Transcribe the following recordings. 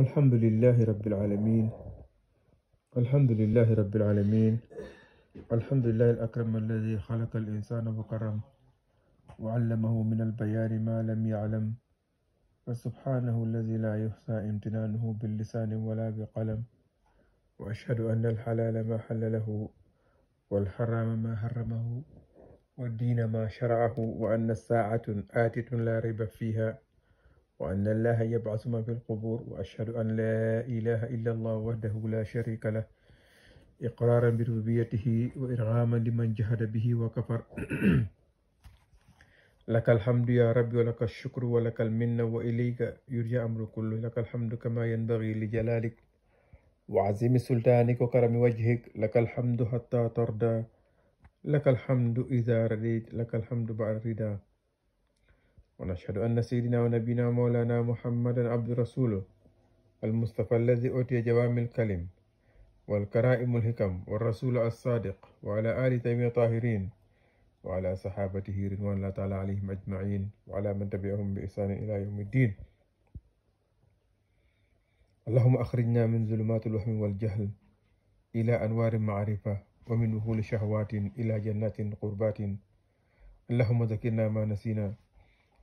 الحمد لله رب العالمين الحمد لله رب العالمين الحمد لله الأكرم الذي خلق الإنسان وكرم وعلمه من البيان ما لم يعلم فسبحانه الذي لا يحصى امتنانه باللسان ولا بقلم وأشهد أن الحلال ما حلله والحرام ما حرمه والدين ما شرعه وأن الساعة آتة لا ريب فيها وأن الله يبعث من في القبور وأشهد أن لا إله إلا الله وحده لا شريك له إقرارا بربوبيته وإرغاما لمن جهد به وكفر لك الحمد يا رب ولك الشكر ولك المنة وإليك يرجى أمر كله لك الحمد كما ينبغي لجلالك وعظيم سلطانك وكرم وجهك لك الحمد حتى ترضى لك الحمد إذا رضيت لك الحمد بعد الرضا ونشهد أن سيدنا ونبينا مولانا محمدا عبد رسوله المصطفى الذي أوتي جوام الكلم والكرائم الحكم والرسول الصادق وعلى آل تيمية طاهرين وعلى صحابته رضوان الله تعالى عليهم أجمعين وعلى من تبعهم بإحسان إلى يوم الدين اللهم أخرجنا من ظلمات الوهم والجهل إلى أنوار المعرفة ومن وهول شهوات إلى جنات قربات اللهم ذكرنا ما نسينا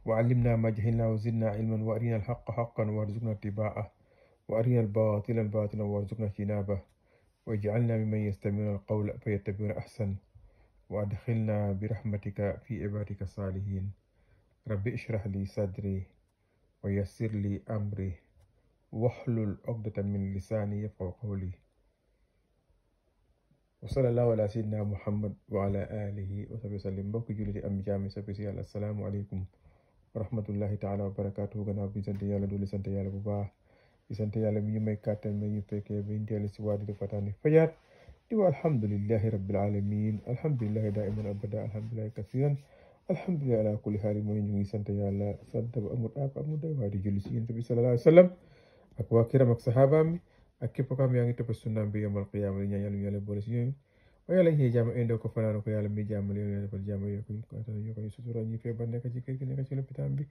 وعلمنا ما جهلنا وزدنا علما وارنا الحق حقا وارزقنا اتباعه وارنا الباطل باطلا وارزقنا اجتنابه واجعلنا ممن يستمعون القول فيتبعون احسن وادخلنا برحمتك في عبادك الصالحين رب اشرح لي صدري ويسر لي امري واحلل عقدة من لساني يفقه قولي وصلى الله على سيدنا محمد وعلى آله وصحبه وسلم بوك جلد أم جامع سبسي السلام عليكم rahmatullahi taala wa barakatuh gannaaw bi sant yàlla doole sant yalla bu baax di sant yalla mi ñu may kàttan mi ñu bi di fatani fayat di wa alhamdulillahi rabbil alamin alhamdulillahi daiman abada alhamdulillahi kasiran alhamdulillahi ala kulli hal mooy ñu ngi sant yalla sant bu day julli ci sallallahu alayhi wa sallam ak wa kiram ak sahabaami ak kepp kam yaangi tepp sunna topp bi yomal qiyaama li o yàlla ci jàmm indoo ko fanaan ko yàlla mi jàmm li yàlla defal jàmm yokku ko yokku ñu sutura ñi feebar nekk ci kër gi nekk ci lopitaan bi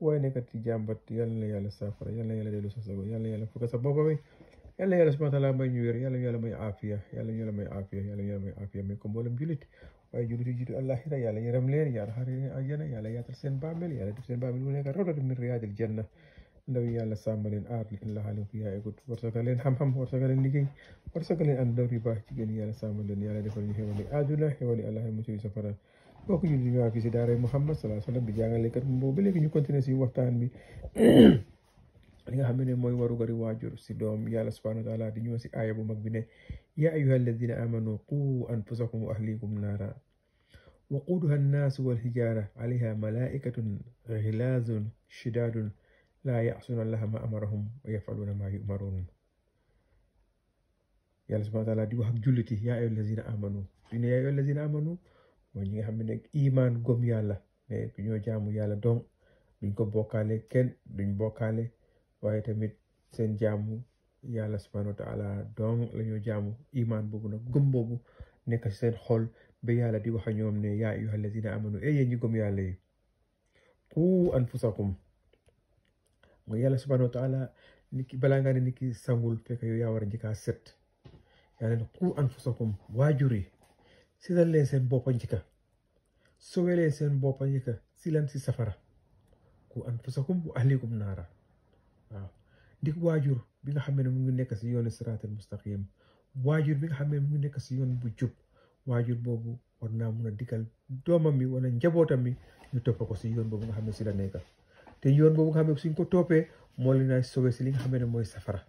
waaye nekk ci jàmbat yàlla na yàlla saafara yàlla na yàlla dellu sa sago yàlla na yàlla fukk sa bopp bi yàlla yàlla subhanahu wa taala may ñu wér yàlla yàlla may aafiya yàlla yàlla may aafiya yàlla yàlla may aafiya may ko mboolem julit waaye julit yi jiitu àllaaxira yàlla yërëm leen yàlla xaar leen àjjana yàlla yaatal seen bàmmeel yàlla def seen bàmmeel mu nekk rawdatu min riyaadil janna ndaw yàlla sàmm leen aar leen la xaalim fi yaay gut warsagal leen xam-xam warsagal leen liggéey warsagal leen ànd daw yu baax jigéen yàlla sàmm leen yàlla defal ñu xewali àdduna xewali àllahi mucc safara bokk ñu ñëwaa fi si daaray Muhammad salaa sallam bi jàngalekat boobu ba léegi ñu continuer si waxtaan bi li nga xam ne mooy warugari waajur si doom yàlla subhanahu wa taala di ñëw si aaya bu mag bi ne yaa ayuha alladina amanu quu anfusakum wa ahlikum naara waquuduha annaasu walhijaara alayha malaikatun ghilaazun shidaadun laa ya'suuna llaaha maa amarahum wa yaf'aluuna maa yu'maruun yàlla subhaana taala di wax ak julliti yaa ayyuhaa mooy ñi nga xam ne nag imaan gom yàlla ne ñoo jaamu yàlla donc duñ ko bokkaale kenn duñ bokkaale waaye tamit seen jaamu yàlla subhaana wa taala donc la jaamu imaan boobu nag gëm boobu nekk ci seen xool ba yàlla di wax ak ñoom ne yaa ayyuhaa llaziina aamanu e eh, yéen ñi gëm yàlla yi anfusakum mooy yàlla subhanahu wa taala nit ki balaa ngaa ne nit ki sangul fekk yow yaa war a njëkk set yàlla ne ku anfusakum waajur yi seetal leen seen boppa njëkka soo leen seen bopp njëkka si lan si safara ku anfusakum wa ahlikum naara waaw ndik waajur bi nga xam ne mu ngi nekk si yoon siraatal mustaqim waajur bi nga xam ne mu ngi nekk si yoon bu jub waajur boobu war naa mun a digal doomam mi wala njabootam mi mu topp ko si yoon boobu nga xam ne si la nekk te yoon boobu nga xam ne suñ ko toppee moo leen ay si li nga xam ne mooy safara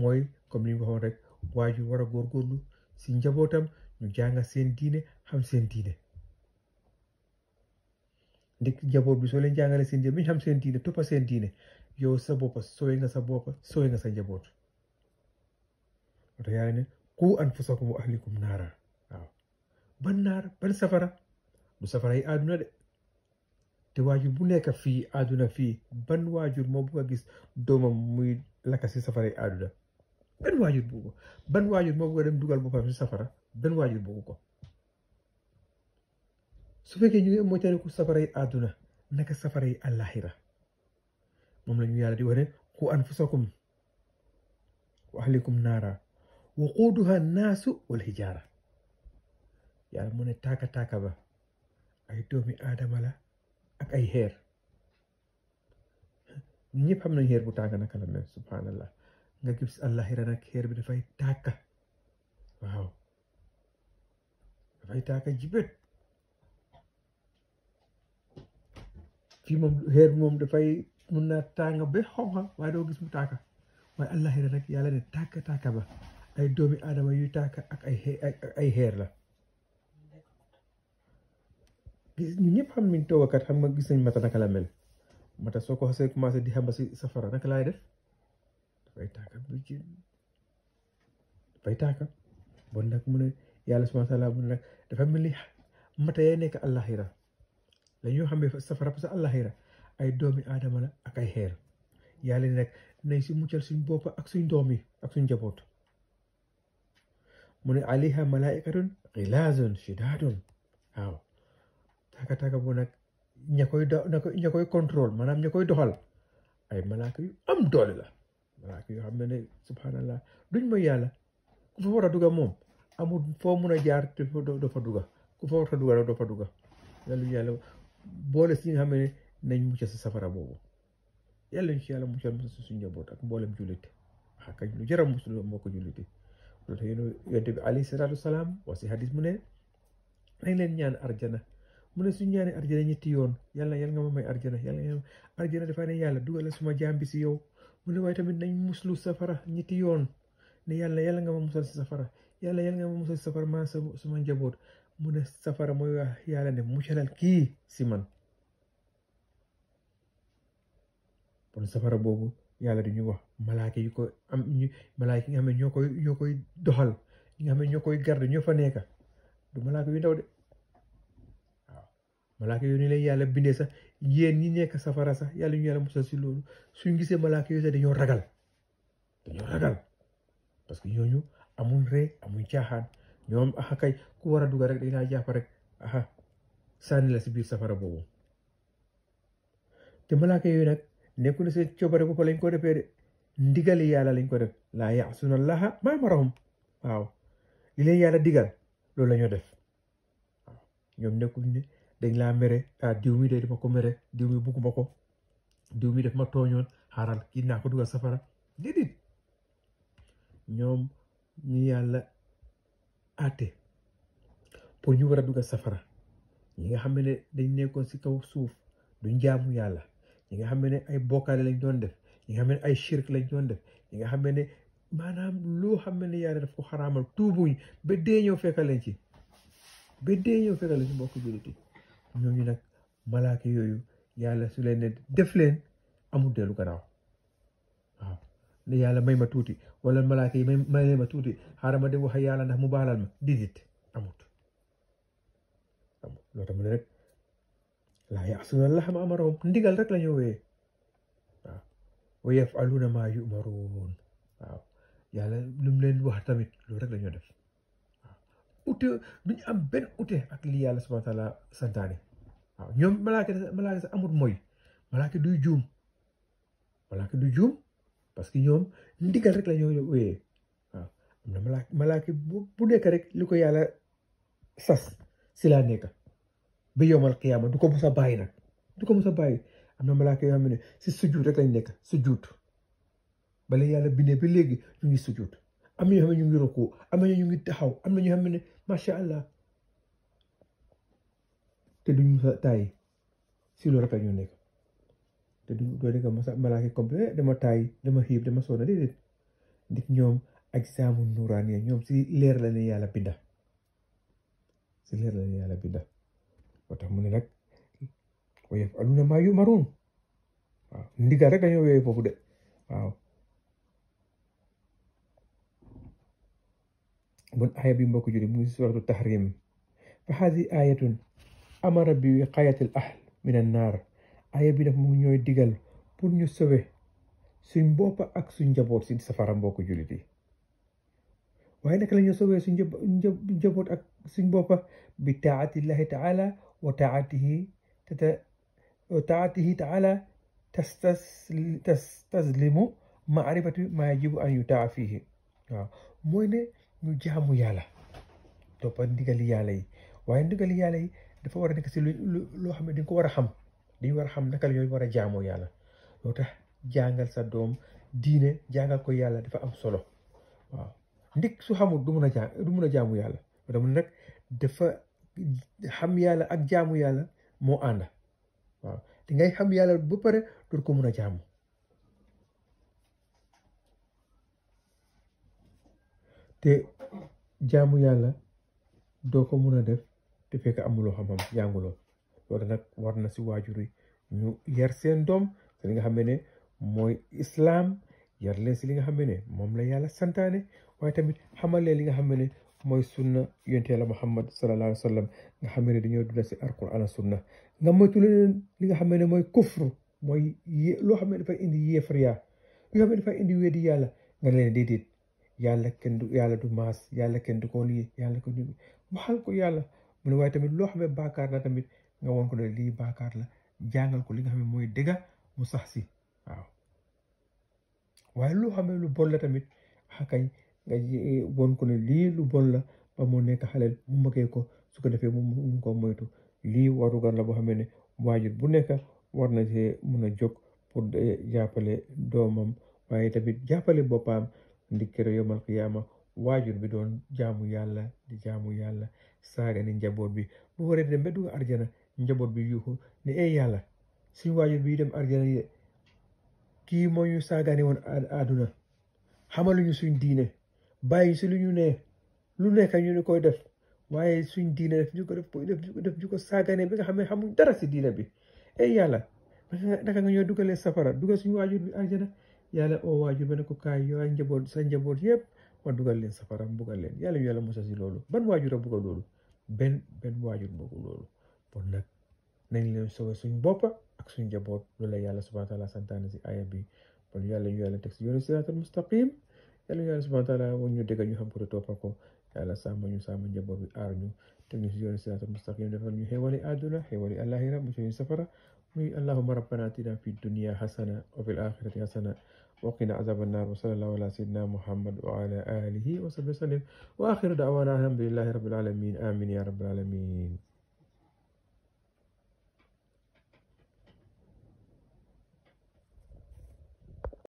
mooy comme ni ñu waxoon rek waaju war a góorgóorlu si njabootam ñu jànga seen diine xam seen diine ndik njaboot bi soo leen jàngalee seen diine bi xam seen diine toppa seen diine yow sa boppa sowe nga sa boppa sowe nga sa njaboot te yàlla ne ku anfusakum waaw ban naara ban safara du safara yi àdduna de te waajur bu nekk fii àdduna fii ban waajur moo bugg gis doomam muy lakka si safara yi ban waajur bugg ban waajur moo bugg dem dugal boppam si safara ban waajur bugg ko su fekkee ñu ngi moytandiku safara yi àdduna naka safara yi àllaaxira moom la ñu yàlla di wax ne qu anfusakum wa ahlikum naara waquuduha naasu wal hijaara yàlla mu ne taaka taaka ba ay doomi aadama la ak ay xeer ñu ñëpp xam nañ xeer bu tànga naka la mel subhanallah nga gis àllaxira nag xeer bi dafay tàkka waaw dafay tàkka jibét fii moom xeer bi moom dafay mun naa tànga ba xonxa waaye doo gis mu tàkka waaye àllaxira nag yàlla ne tàkka tàkka ba ay doomi aadama yuy tàkka ak ay ay xeer la gis ñun ñëpp xam nañ toogakat xam nga gis nañ mata naka la mel mata soo ko xasee commencé di xamba si safara naka laay def dafay taaka bu jëm dafay taaka bon nag mu ne yàlla subhaana taala mu ne nag dafa mel ni mata yay nekk àllaxira la ñoo xamee safara parce que ay doomi aadama la ak ay xeer yàlla ne nag nañ si muccal suñ bopp ak suñ doom yi ak suñ njaboot mu ne alayha malaikatun xilaazun shidaadun waaw taka-taka bu nag ña koy do ña koy contrôle maanaam ña koy doxal ay malaaka yu am doole la malaaka yoo xam ne ne subhanallah duñ mooy yàlla ku fa war a duga moom amul foo mun a jaar te doo fa duga ku fa war a duga doo fa duga boole si nga nañ mucc safara boobu yàlla ñu ci yàlla muccal mos suñu njaboot ak mboolem jullit ah kañ lu jaram musul moo ko julliti loolu tax yonent bi alayhi salaatu wasalaam wa si hadis mu ne nañ leen ñaan arjana mu ne arjana ñetti yoon yalla yalla nga ma may arjana yalla yàlla arjana dafa ne yàlla dugalal suma jambi ci yow mu ne tamit nañ muslu safara ñetti yoon ne yalla yalla nga ma musal safara yalla yalla nga ma musal safara ma suma njaboot mu ne safara moy wax yalla ne mucalal ki ci man kon safara yalla di ñu wax malaaka yu ko am ñu malaaka nga xam ñokoy ñokoy doxal nga xam ñokoy garde du malaaka yu ndaw de malaaka yooyu ni yàlla bindee sax yéen ñi nekk safara sax yàlla ñu yàlla si loolu suñ gisee malaaka yooyu sax dañoo ragal que ñooñu amuñ ree amuñ ñoom axa ku war a rek dañ laa jàpp rek aha la si biir safara boobu te malaaka yooyu nag nekku na seen coobare bopp lañ ko defee de ndigali yàlla lañ ko def laa yaasuna allaha maa marahum waaw li leen yàlla digal loolu lañoo ñoo def ñoom nekkuñ ne deñ la mere a diw mi de dima ko mere diw mi bugguma ko diw mi defma tooñoon haral kinna ko duga safara didit ñoom ñu yàlla ate pour ñu war a duga safara ñi nga xam ne dañ nekkoon si kaw suuf du njaamu yàlla ñi nga xam ne ay bokkaale lañ doon def ñi nga xam ne ay shirk lañ doon def ñi nga xam ne maanaam loo xam ne yàlla daf ko xaraamal tuubuñ ba deeñoo fekkaleen ci ba deeñoo fekkaleen ci mbokk jullit yi ñooñu nag malaaka yooyu yàlla su leen ne def leen amul dellu gannaaw waaw ne yàlla may ma tuuti wala malaaka yi may leen ma tuuti xaaral ma dem wax yàlla ndax mu baalal ma digit amut amut loo tax mu ne rek laa yaasuna ma amarahum ndigal rek la ñu wee waaw wa yafaluuna maa yumaruun waaw yàlla lu wax tamit loolu rek la ñu def ute duñu am benn ute ak li yàlla subhaana taala santaane waaw ñoom malaaka malaaka amut mooy malaaka duy juum malaaka du juum parce que ñoom ndigal rek la ñoo wéyee waaw am na malaaka bu nekk rek li ko yàlla sas si laa nekk ba yowmal qiyaama du ko a bàyyi nag du ko mos a bàyyi am na malaaka yoo xam ne si sujjuut rek lañ nekk sujjuut bala yàlla bindee bi léegi ñu ngi sujjuut am na ñu taxaw am na ñoo xam ne macha allah te du mos a taay si lu rafet ñu nekk te duñ doo nekk mos complet eh, dama taay dama xiib dama soona déedéet nit ñoom ak saamu nuuraan ya ñoom si leer la ne yàlla binda si leer la ne yàlla binda tax mu ne nag wa yafaluna maa yumaruun waaw ndigal rek dañoo yooyu foofu de waaw bon aaya bi mbokk judi mu suratu tahrim fa haadi ayatun amara bi wiqayatil ahl min an naar aaya bi daf mu ñooy digal pour ñu sowe suñ bopp ak suñ njaboot si safara mbokk jullit yi waaye naka la ñu sowee suñ njaboot ak suñ boppa bi taatillahi taala wa taatihi wa taatihi taala tastaslimu maarifatu ma yajibu an yutaa fiihi waaw mooy ne ñu jaamu yàlla toppa ndigali yàlla yi waaye ndigali yàlla yi dafa war a nekk si lu loo xam ne dañ ko war a xam dañ war a xam naka la war a jaamoo yàlla loo tax jàngal sa doom diine jàngal ko yàlla dafa am solo waaw su xamul du mun a jàng du mun jaamu yàlla dama nag dafa xam yàlla ak jaamu yàlla moo ànd waaw xam yàlla ba pare dootu ko mun a jaamu te jaamu yàlla doo ko mun a def te fekk amuloo xam-xam jànguloo loolu nag war na si waajur yi ñu yar seen doom si li nga xam ne mooy islaam yar leen si li nga xam ne moom la yàlla santaane waaye tamit xamal leen li nga xam ne mooy sunna yonte yàlla muhammad sallallahu alayhi wa sallam nga xam ne dañoo dula si alquran ak sunna nga moytu leen li nga xam ne mooy kufru mooy loo xam ne dafay indi yéefar yaa yoo xam ne dafay indi weddi yàlla nga leen déedéet yàlla kenn du yàlla du maas yàlla kenn du ko lii yàlla ko du waxal ko yàlla mu ne waaye tamit loo xam ne baakaar la tamit nga woon ko ne lii baakaar la jàngal ko li nga xam ne mooy dëgg mu sax si waaw waaye loo xam ne lu bon la tamit xakañ ah nga woon ko ne lii lu bon la ba moo nekk xaleel mu magee ko su ko defee mu mu ko moytu lii warugar la boo xam ne waajur bu nekk war na see mun a jóg pour eh, jàppale doomam waaye tamit jàppale boppam ndi kero yomal qiyaama waajur bi doon jaamu yàlla di jaamu yàlla saaga ni njaboot bi bu waree dem ba dugg arjana njaboot bi yuuxu ne ey yàlla suñu waajur bi dem arjana yi kii moo ñu saagaane woon àdduna xamaluñu suñ diine bàyyi si lu ñu ne lu nekk ñu ni koy def suñ diine def ñu ko def ñu ko saagaane bi nga xam ne xamuñ dara si diine bi ey yàlla naka nga ñoo dugalee safara dugal suñu waajur bi arjana yalla o waajubene ko kay an njabot sa njabot yeb ma dugal len safara bugal len yalla ñu musa ci lolu ban waju ra bugal lolu ben ben waju bugul lolu bon nak nañ leen sowe suñ bop ak suñ njabot loolu la subhanahu wa taala santane ci aya bi bon yalla ñu yàlla teg si yoonu mustaqim yalla yalla subhanahu wa taala woon ñu dégg ñu xam ko te ko yalla sàmm ñu njabot bi ñu teg ñu si siratal mustaqim defal ñu hewali aduna hewali allahira mu ci safara muy rabbana atina fi dunia hasana, wa fil akhirati وقنا عذاب النار وصلى الله على سيدنا محمد وعلى آله وصحبه وسلم وآخر دعوانا الحمد لله رب العالمين آمين يا رب العالمين